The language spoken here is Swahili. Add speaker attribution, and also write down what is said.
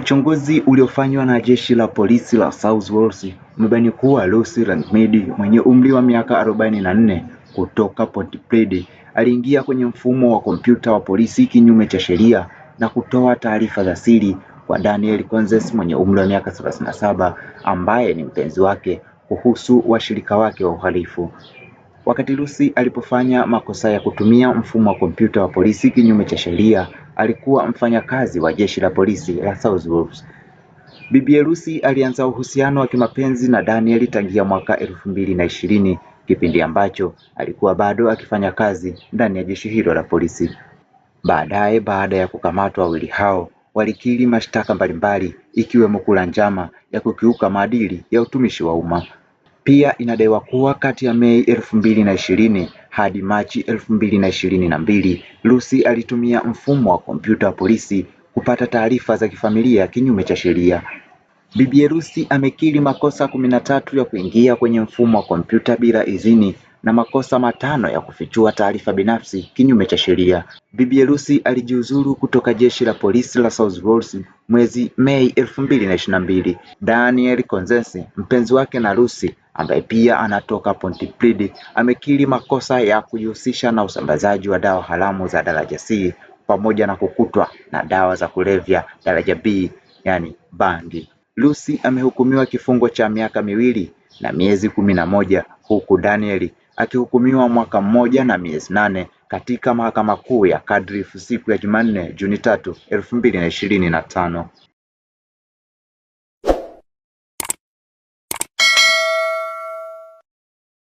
Speaker 1: Uchunguzi uliofanywa na jeshi la polisi la South Wales umebaini kuwa Lucy Randmead mwenye umri wa miaka 44 kutoka Port Pirie aliingia kwenye mfumo wa kompyuta wa polisi kinyume cha sheria na kutoa taarifa za siri kwa Daniel Conzes mwenye umri wa miaka 37 ambaye ni mpenzi wake kuhusu washirika wake wa uhalifu. Wakati Lucy alipofanya makosa ya kutumia mfumo wa kompyuta wa polisi kinyume cha sheria, alikuwa mfanyakazi wa jeshi la polisi la Wolves. Bibi Elusi alianza uhusiano wa kimapenzi na Daniel tangia mwaka elfu mbili na ishirini, kipindi ambacho alikuwa bado akifanya kazi ndani ya jeshi hilo la polisi. Baadaye, baada ya kukamatwa, wawili hao walikiri mashtaka mbalimbali ikiwemo kula njama ya kukiuka maadili ya utumishi wa umma. Pia inadaiwa kuwa kati ya Mei elfu mbili na ishirini hadi Machi elfu mbili na ishirini na mbili, Lucy alitumia mfumo wa kompyuta wa polisi kupata taarifa za kifamilia kinyume cha sheria. Bibi Lucy amekiri makosa kumi na tatu ya kuingia kwenye mfumo wa kompyuta bila idhini na makosa matano ya kufichua taarifa binafsi kinyume cha sheria. Bibi harusi alijiuzuru kutoka jeshi la polisi la South Wales mwezi Mei elfu mbili na ishirini na mbili. Daniel Konzensi, mpenzi wake na Lucy ambaye pia anatoka Pontypridd, amekiri makosa ya kujihusisha na usambazaji wa dawa haramu za daraja C pamoja na kukutwa na dawa za kulevya daraja B, yani bangi. Lucy amehukumiwa kifungo cha miaka miwili na miezi kumi na moja huku Daniel akihukumiwa mwaka mmoja na miezi nane katika Mahakama Kuu ya Cardiff siku ya Jumanne Juni tatu elfu mbili na ishirini na tano